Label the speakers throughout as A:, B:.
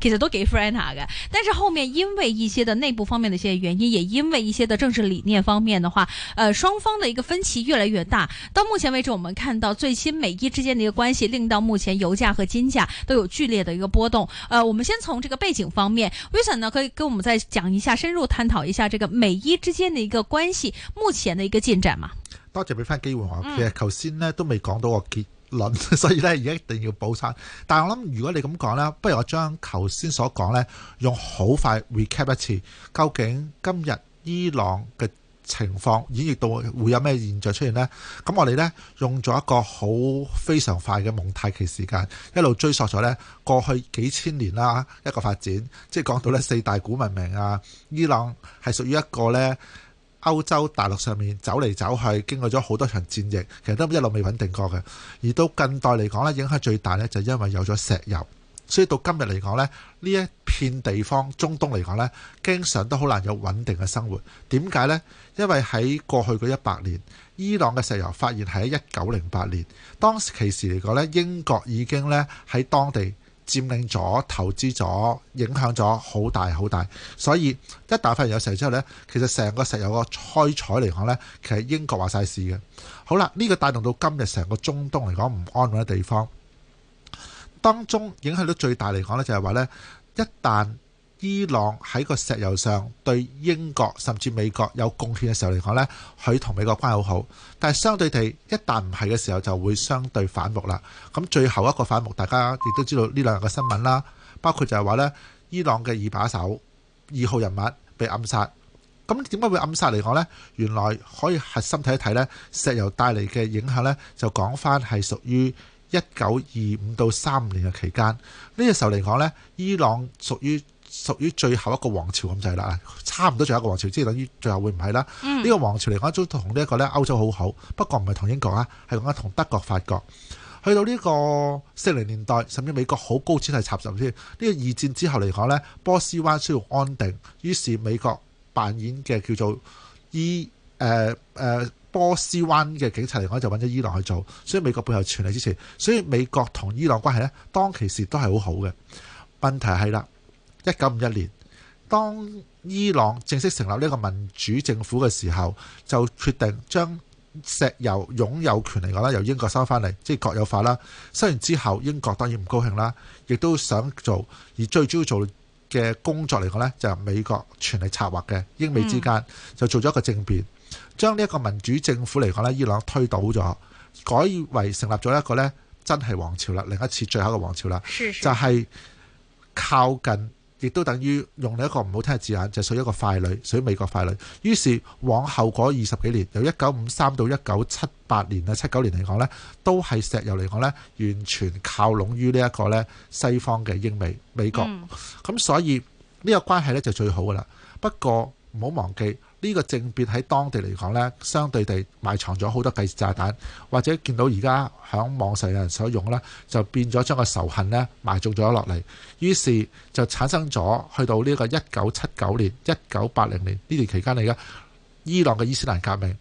A: 其實都幾 friendly 嘅，但是後面因為一些的內部方面的一些原因，也因為一些的政治理念方面的話，呃，雙方的一個分歧越來越大。到目前為止，我們看到最新美伊之間的一個關係，令到目前油價和金價都有劇烈的一個波動。呃，我們先從這個背景方面，Wilson 呢可以跟我們再講一下，深入探討一下這個美伊之間的一個關係目前的一個進展嘛？
B: 多謝俾翻機會我，其實頭先呢都未講到個結。 所以咧而家一定要補差。但係我諗，如果你咁講啦，不如我將頭先所講呢，用好快 recap 一次，究竟今日伊朗嘅情況演繹到會有咩現象出現呢？咁我哋呢，用咗一個好非常快嘅蒙太奇時間，一路追溯咗呢過去幾千年啦，一個發展，即係講到呢四大古文明啊，伊朗係屬於一個呢。歐洲大陸上面走嚟走去，經過咗好多場戰役，其實都一路未穩定過嘅。而到近代嚟講呢，影響最大呢，就因為有咗石油，所以到今日嚟講呢，呢一片地方，中東嚟講呢，經常都好難有穩定嘅生活。點解呢？因為喺過去嘅一百年，伊朗嘅石油發現喺一九零八年，當時其時嚟講呢，英國已經呢喺當地。佔領咗、投資咗、影響咗，好大好大。所以一旦發現有石油之後呢，其實成個石油個開採嚟講呢，其實英國話晒事嘅。好啦，呢、呢個帶動到今日成個中東嚟講唔安穩嘅地方，當中影響到最大嚟講呢，就係話呢一旦。伊朗喺個石油上對英國甚至美國有貢獻嘅時候嚟講呢，佢同美國關係好好。但係相對地，一旦唔係嘅時候就會相對反目啦。咁最後一個反目，大家亦都知道呢兩日嘅新聞啦，包括就係話呢伊朗嘅二把手二號人物被暗殺。咁點解會暗殺嚟講呢？原來可以核心睇一睇呢石油帶嚟嘅影響呢，就講翻係屬於一九二五到三年嘅期間呢。個時候嚟講呢，伊朗屬於。屬於最後一個王朝咁就係啦，差唔多最後一個王朝，即係等於最後會唔係啦。呢、嗯、個王朝嚟講都同呢一個咧歐洲好好，不過唔係同英國啊，係講緊同德國、法國。去到呢個四零年代，甚至美國好高姿態插手先。呢、這個二戰之後嚟講呢波斯灣需要安定，於是美國扮演嘅叫做伊誒誒波斯灣嘅警察嚟講就揾咗伊朗去做，所以美國背後全力支持。所以美國同伊朗關係呢，當其時都係好好嘅。問題係啦。一九五一年，當伊朗正式成立呢個民主政府嘅時候，就決定將石油擁有權嚟講啦，由英國收翻嚟，即係國有化啦。收完之後，英國當然唔高興啦，亦都想做，而最主要做嘅工作嚟講呢，就係、是、美國全力策劃嘅，英美之間就做咗一個政變，將呢一個民主政府嚟講呢，伊朗推倒咗，改為成立咗一個呢真係王朝啦，另一次最後一個王朝啦，是是就係靠近。亦都等於用你一個唔好聽嘅字眼，就係、是、屬於一個傀儡，屬於美國傀儡。於是往後嗰二十幾年，由一九五三到一九七八年，啊七九年嚟講呢，都係石油嚟講呢，完全靠攏於呢一個呢西方嘅英美美國。咁、嗯、所以呢、呢個關係呢，就最好噶啦。不過唔好忘記。呢個政變喺當地嚟講呢，相對地埋藏咗好多計時炸彈，或者見到而家響網上有人所用呢，就變咗將個仇恨呢埋葬咗落嚟，於是就產生咗去到呢個一九七九年、一九八零年呢段期間嚟嘅伊朗嘅伊斯蘭革命，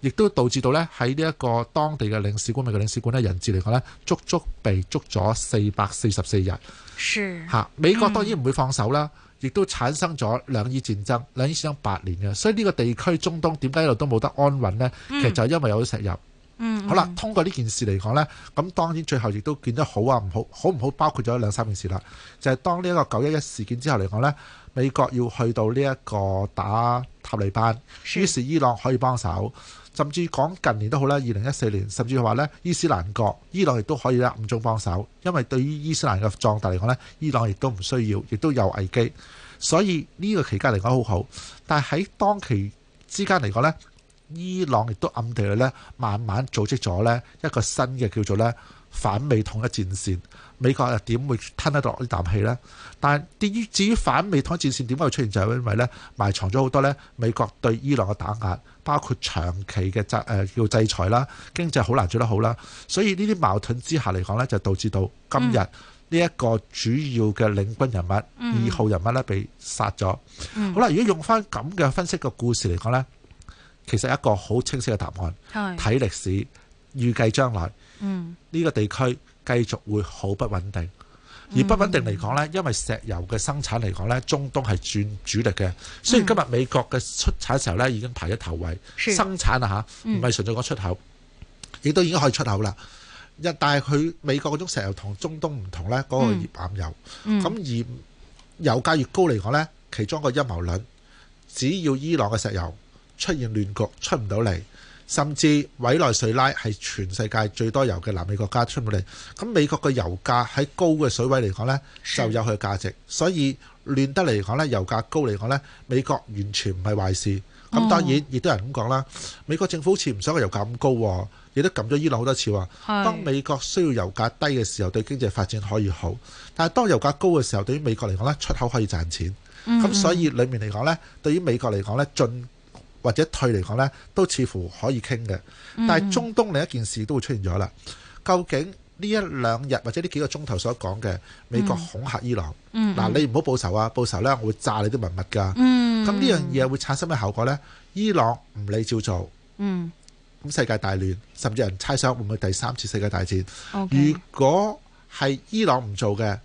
B: 亦都導致到呢，喺呢一個當地嘅領事館、美國領事館嘅人質嚟講呢，足足被捉咗四百四十四日。是、啊嗯、美國當然唔會放手啦。亦都產生咗兩伊戰爭，兩伊戰爭八年嘅，所以呢個地區中東點解一路都冇得安穩呢？嗯、其實就因為有咗石油。嗯。好啦，通過呢件事嚟講呢，咁當然最後亦都見得好啊，唔好，好唔好包括咗兩三件事啦，就係、是、當呢一個九一一事件之後嚟講呢，美國要去到呢一個打塔利班，於是伊朗可以幫手。甚至講近年都好啦，二零一四年甚至話呢，伊斯蘭國、伊朗亦都可以啦，暗中幫手，因為對於伊斯蘭嘅壯大嚟講呢，伊朗亦都唔需要，亦都有危機，所以呢個期間嚟講好好。但係喺當期之間嚟講呢，伊朗亦都暗地裏呢慢慢組織咗呢一個新嘅叫做呢，反美統一戰線，美國又點會吞得落呢啖氣呢？但係至於至於反美統一戰線點解會出現，就係、是、因為呢，埋藏咗好多呢美國對伊朗嘅打壓，包括長期嘅制誒叫制裁啦，經濟好難做得好啦。所以呢啲矛盾之下嚟講呢，就導致到今日呢一個主要嘅領軍人物二、嗯、號人物呢被殺咗。嗯、好啦，如果用翻咁嘅分析個故事嚟講呢，其實一個好清晰嘅答案，睇的歷史。預計將來呢、嗯、個地區繼續會好不穩定，而不穩定嚟講呢，因為石油嘅生產嚟講呢，中東係轉主力嘅。雖然今日美國嘅出產時候呢已經排咗頭位，是生產啊唔係純粹講出口，亦、嗯、都已經可以出口啦。一但係佢美國嗰種石油同中東唔同呢，嗰、嗰個頁岩油。咁、嗯嗯、而油價越高嚟講呢，其中一個陰謀論，只要伊朗嘅石油出現亂局，出唔到嚟。甚至委內瑞拉係全世界最多油嘅南美國家出到嚟，咁美國嘅油價喺高嘅水位嚟講呢，就有佢嘅價值。所以亂得嚟嚟講呢，油價高嚟講呢，美國完全唔係壞事。咁當然亦都有人咁講啦。美國政府好似唔想個油價咁高，亦都撳咗伊朗好多次喎，當美國需要油價低嘅時候，對經濟發展可以好。但係當油價高嘅時候，對於美國嚟講呢，出口可以賺錢。咁所以裡面嚟講呢，對於美國嚟講呢，進或者退嚟講呢，都似乎可以傾嘅。但係中東另一件事都會出現咗啦。嗯、究竟呢一兩日或者呢幾個鐘頭所講嘅美國恐嚇伊朗，嗱、嗯啊、你唔好報仇啊！報仇呢，我會炸你啲文物㗎。咁呢、嗯、樣嘢會產生咩後果呢？伊朗唔理照做，咁世界大亂，甚至人猜想會唔會第三次世界大戰？嗯、如果係伊朗唔做嘅，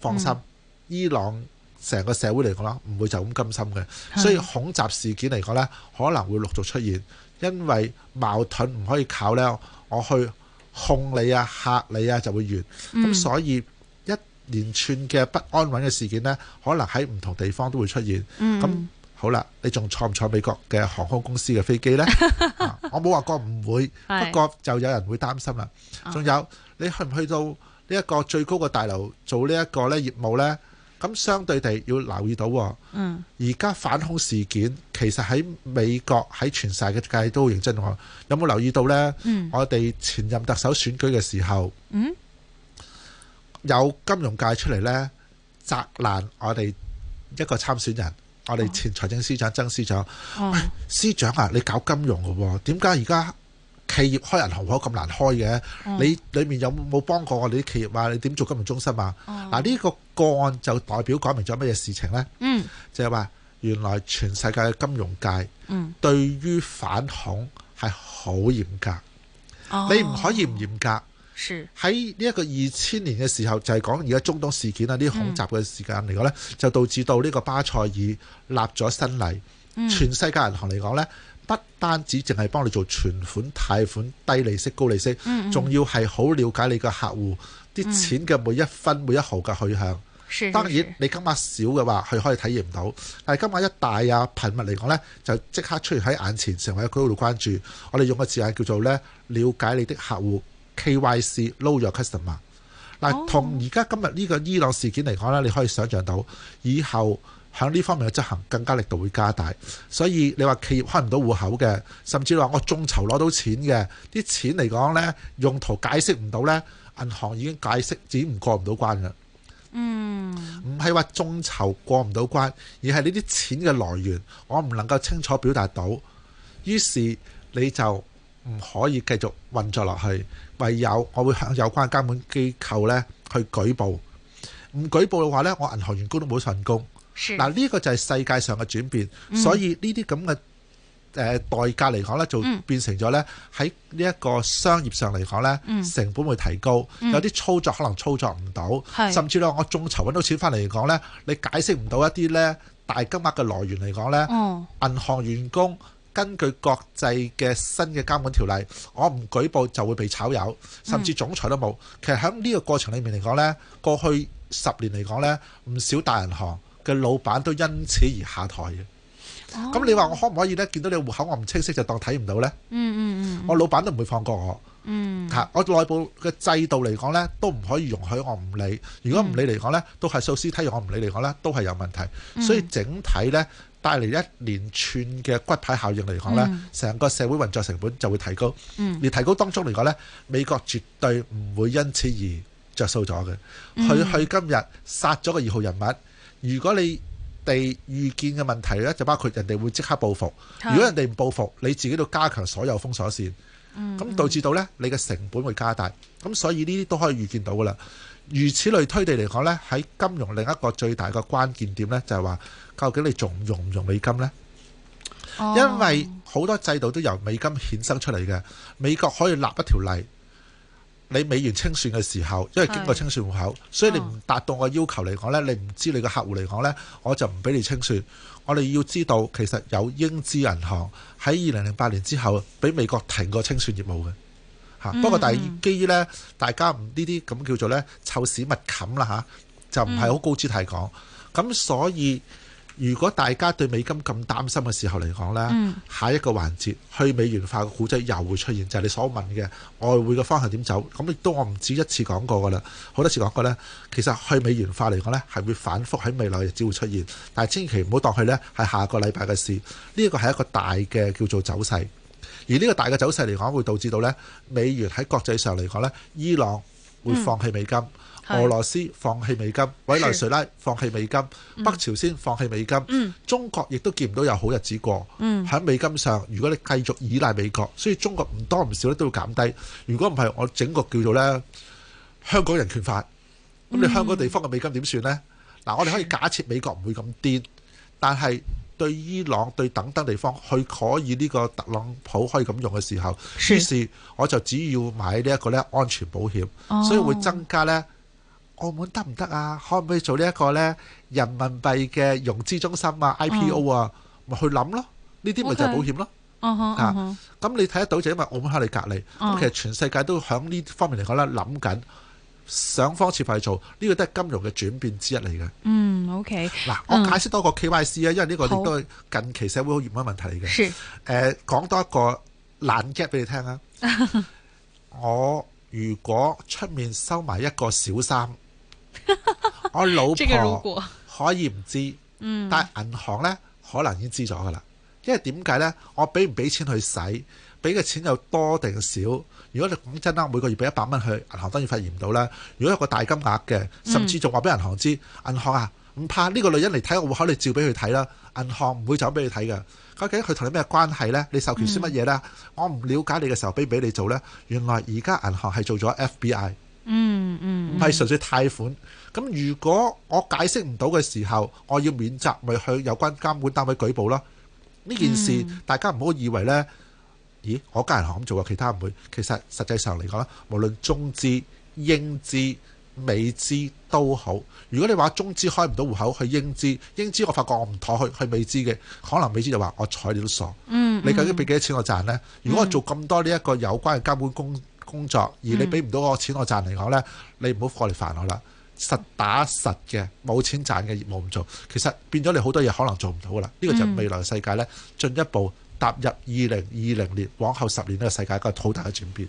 B: 放心，嗯、伊朗。成個社會嚟講啦，唔會就咁甘心嘅，所以恐襲事件嚟講呢，可能會陸續出現，因為矛盾唔可以靠呢，我去控你啊、嚇你啊就會完，咁所以一連串嘅不安穩嘅事件呢，可能喺唔同地方都會出現。咁好啦，你仲坐唔坐美國嘅航空公司嘅飛機呢？我冇話過唔會，不過就有人會擔心啦。仲有你去唔去到呢一個最高嘅大樓做呢一個呢業務呢？咁相對地要留意到，而家反恐事件其實喺美國喺全世界都認真喎。有冇留意到呢？我哋前任特首選舉嘅時候，有金融界出嚟呢，責難我哋一個參選人，我哋前財政司長曾司長。喂，司長啊，你搞金融嘅喎，點解而家？企業開銀行口咁難開嘅，嗯、你裏面有冇幫過我哋啲企業啊？你點做金融中心啊？嗱、哦，呢個個案就代表講明咗乜嘢事情呢？嗯，就係話原來全世界嘅金融界對於反恐係好嚴格，嗯、你唔可以唔嚴格。喺呢一個二千年嘅時候，就係講而家中東事件啊，啲恐襲嘅時間嚟講呢，嗯、就導致到呢個巴塞爾立咗新例，嗯、全世界銀行嚟講呢。不單止淨係幫你做存款、貸款、低利息、高利息，仲、嗯嗯、要係好了解你個客戶啲、嗯、錢嘅每一分、嗯、每一毫嘅去向。是是是當然，你金額少嘅話，佢可以體驗唔到。但係金額一大啊，頻密嚟講呢，就即刻出現喺眼前，成為一個高度關注。我哋用個字眼叫做呢：了解你的客戶 KYC，Know Your Customer。嗱，同而家今日呢個伊朗事件嚟講呢，你可以想象到以後。響呢方面嘅執行更加力度會加大，所以你話企業開唔到戶口嘅，甚至話我眾籌攞到錢嘅啲錢嚟講呢，用途解釋唔到呢，銀行已經解釋自己唔過唔到關啦。嗯，唔係話眾籌過唔到關，而係呢啲錢嘅來源我唔能夠清楚表達到，於是你就唔可以繼續運作落去，唯有我會向有關嘅監管機構呢去舉報。唔舉報嘅話呢，我銀行員工都冇份工。嗱，呢是個就係世界上嘅轉變，嗯、所以呢啲咁嘅誒代價嚟講呢就變成咗呢喺呢一個商業上嚟講呢成本會提高，嗯嗯、有啲操作可能操作唔到，是甚至咧我眾籌揾到錢翻嚟嚟講呢你解釋唔到一啲呢大金額嘅來源嚟講呢銀行員工根據國際嘅新嘅監管條例，我唔舉報就會被炒魷，甚至總裁都冇。其實喺呢個過程裡面嚟講呢過去十年嚟講呢唔少大銀行。嘅老闆都因此而下台嘅。咁、oh. 你話我可唔可以咧？見到你戶口我唔清晰就當睇唔到呢？Mm hmm. 我老闆都唔會放過我。嗯、mm。Hmm. 我內部嘅制度嚟講呢，都唔可以容許我唔理。如果唔理嚟講呢，都係訴諸體育。T, 我唔理嚟講呢，都係有問題。所以整體呢，帶嚟一連串嘅骨牌效應嚟講呢，成、mm hmm. 個社會運作成本就會提高。Mm hmm. 而提高當中嚟講呢，美國絕對唔會因此而着數咗嘅。佢去今日殺咗個二號人物。如果你哋預見嘅問題呢，就包括人哋會即刻報復。如果人哋唔報復，你自己都加強所有封鎖線，咁導致到呢，你嘅成本會加大。咁所以呢啲都可以預見到㗎喇。如此類推地嚟講呢，喺金融另一個最大嘅關鍵點呢，就係話究竟你仲用唔用美金呢？因為好多制度都由美金衍生出嚟嘅，美國可以立一條例。你美元清算嘅時候，因為經過清算戶口，是所以你唔達到我要求嚟講呢。你唔知你個客戶嚟講呢，我就唔俾你清算。我哋要知道，其實有英資銀行喺二零零八年之後，俾美國停過清算業務嘅嚇。嗯、不過，但係基於呢，大家唔呢啲咁叫做呢臭屎密冚啦嚇，就唔係好高姿態講。咁、嗯、所以。如果大家對美金咁擔心嘅時候嚟講呢，下一個環節去美元化嘅故仔又會出現，就係你所問嘅外匯嘅方向點走，咁亦都我唔止一次講過噶啦，好多次講過呢，其實去美元化嚟講呢係會反覆喺未來日子會出現，但係千祈唔好當佢呢係下個禮拜嘅事，呢個係一個大嘅叫做走勢，而呢個大嘅走勢嚟講會導致到呢美元喺國際上嚟講呢，伊朗會放棄美金。俄羅斯放棄美金，委內是瑞拉放棄美金，嗯、北朝鮮放棄美金，嗯、中國亦都見唔到有好日子過。喺、嗯、美金上，如果你繼續依賴美國，所以中國唔多唔少咧都要減低。如果唔係，我整個叫做咧香港人權法，咁你香港地方嘅美金點算呢？嗱、嗯，我哋可以假設美國唔會咁癲，但係對伊朗、對等等地方，去。可以呢個特朗普可以咁用嘅時候，是於是我就只要買呢一個咧安全保險，所以會增加呢。澳門得唔得啊？可唔可以做呢一個咧？人民幣嘅融資中心啊，IPO 啊，咪去諗咯。呢啲咪就係保險咯。
A: 啊，
B: 咁你睇得到就因為澳門喺你隔籬。咁其實全世界都響呢方面嚟講咧，諗緊想方設法去做。呢個都係金融嘅轉變之一嚟嘅。
A: 嗯，OK。嗱，我解釋
B: 多一個 KYC 啊，因為呢個亦都係近期社會好嚴重問題嚟嘅。是。誒，講多一個爛 gag 俾你聽啊。我如果出面收埋一個小三。 我老婆可以唔知，嗯、但係銀行呢，可能已經知咗噶啦。因為點解呢？我俾唔俾錢去使，俾嘅錢又多定少？如果你講真啦，每個月俾一百蚊去銀行，當然發現唔到啦。如果有個大金額嘅，甚至仲話俾銀行知，嗯、銀行啊唔怕呢、呢個女人嚟睇，我會可能照俾佢睇啦。銀行唔會走俾佢睇嘅。究竟佢同你咩關係呢？你授權書乜嘢呢？嗯、我唔了解你嘅時候俾唔俾你做呢？原來而家銀行係做咗 FBI。嗯嗯，唔、嗯、係純粹貸款。咁如果我解釋唔到嘅時候，我要免責，咪去有關監管單位舉報啦。
A: 呢件事、嗯、
B: 大家唔好以為呢咦，我間銀行咁做啊，其他唔會。其實實際上嚟講咧，無論中資、英資、美資都好。如果你話中資開唔到戶口，去英資、英資我發覺我唔妥去，去美資嘅可能美資就話我睬你都傻。嗯、你究竟俾幾多錢我賺呢？嗯、如果我做咁多呢一個有關嘅監管工？工作而你俾唔到我錢我賺嚟講呢，你唔好過嚟煩我啦。實打實嘅冇錢賺嘅業務唔做，其實變咗你好多嘢可能做唔到噶啦。呢、這個就係未來世界呢，進一步踏入二零二零年往後十年呢個世界一個好大嘅轉變。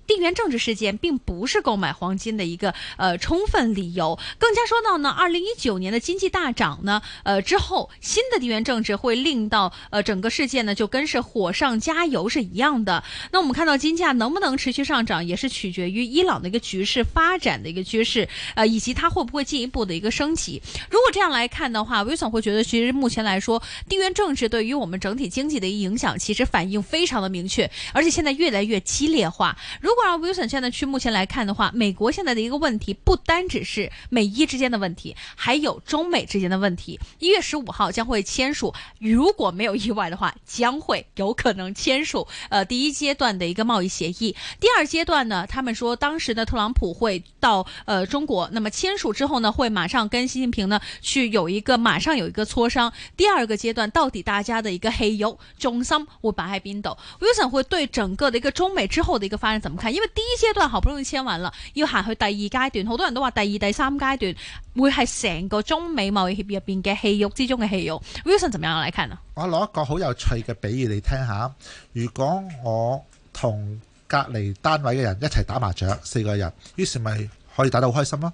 A: 地緣政治事件並不是購買黃金的一個呃充分理由，更加說到呢，二零一九年的經濟大漲呢，呃之後新的地緣政治會令到呃整個世界呢就跟是火上加油是一樣的。那我們看到金價能不能持續上漲，也是取決於伊朗的一個局勢發展的一個趨勢，呃以及它會不會進一步的一個升級。如果這樣來看的話，w 總會覺得其實目前來說，地緣政治對於我們整體經濟的一個影響其實反應非常的明確，而且現在越來越激烈化。如果那 Wilson 現在去目前來看的話，美國現在的一個問題不單只是美伊之間的問題，還有中美之間的問題。一月十五號將會簽署，如果沒有意外的話，將會有可能簽署呃第一階段的一個貿易協議。第二階段呢，他們說當時的特朗普會到呃中國，那麼簽署之後呢，會馬上跟習近平呢去有一個馬上有一個磋商。第二個階段到底大家的一個黑油中商，我白海冰斗 Wilson 會對整個的一個中美之後的一個發展怎麼看？因為 D.C. 都係好不容易簽完啦，要行去第二階段，好多人都話第二、第三階段會係成個中美貿易協議入邊嘅戲肉之中嘅戲肉。Wilson 點樣來看啊？
B: 我攞一個好有趣嘅比喻你聽下，如果我同隔籬單位嘅人一齊打麻雀，四個人，於是咪可以打得好開心咯。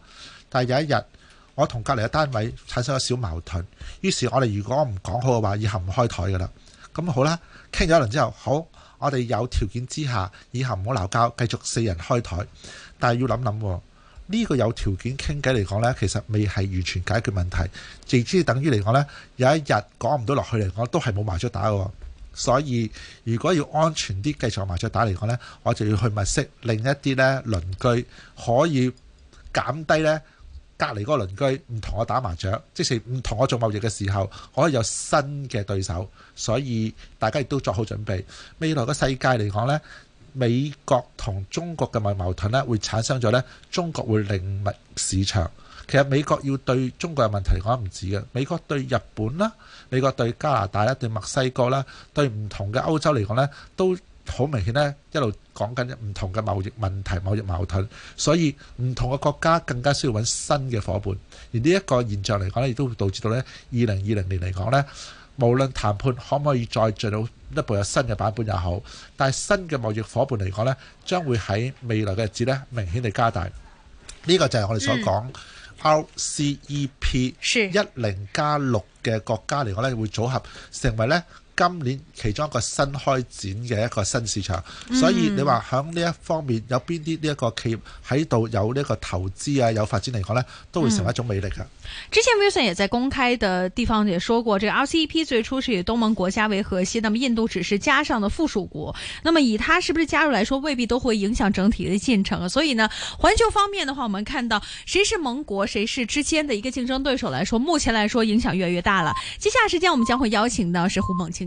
B: 但係有一日，我同隔籬嘅單位產生咗小矛盾，於是我哋如果唔講好嘅話，以後唔開台噶啦。咁好啦，傾咗一輪之後，好。我哋有條件之下，以後唔好鬧交，繼續四人開台。但係要諗諗，呢個有條件傾偈嚟講呢，其實未係完全解決問題。直至等於嚟講呢，有一日講唔到落去嚟講，都係冇麻雀打嘅。所以如果要安全啲，繼續麻雀打嚟講呢，我就要去物色另一啲呢，鄰居，可以減低呢。隔離嗰個鄰居唔同我打麻雀，即使唔同我做貿易嘅時候，我可以有新嘅對手，所以大家亦都做好準備。未來嘅世界嚟講咧，美國同中國嘅貿易矛盾咧會產生咗咧，中國會另覓市場。其實美國要對中國嘅問題嚟講唔止嘅，美國對日本啦，美國對加拿大啦，對墨西哥啦，對唔同嘅歐洲嚟講咧都。好明顯咧，一路講緊唔同嘅貿易問題、貿易矛盾，所以唔同嘅國家更加需要揾新嘅夥伴。而呢一個現象嚟講咧，亦都會導致到咧，二零二零年嚟講咧，無論談判可唔可以再進到一步有新嘅版本也好，但係新嘅貿易夥伴嚟講咧，將會喺未來嘅日子咧，明顯地加大。呢個就係我哋所講 RCEP 一零加六嘅國家嚟講咧，會組合成為咧。今年其中一個新開展嘅一個新市場，所以你話響呢一方面有邊啲呢一個企業喺度有呢個投資啊，有發展嚟講呢，都會成為一種魅力嘅、嗯。
A: 之前 Wilson 也在公開的地方也說過，這個 RCEP 最初是以東盟國家為核心，那麼印度只是加上的附屬國。那麼以它是不是加入來說，未必都會影響整體的進程、啊。所以呢，環球方面的話，我們看到誰是盟國，誰是之間的一個競爭對手來說，目前來說影響越來越大了。接下來時間我們將會邀請到是胡猛清。